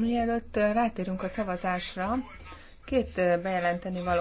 Mielőtt eh, rátérünk a szavazásra, két eh, bejelenteni való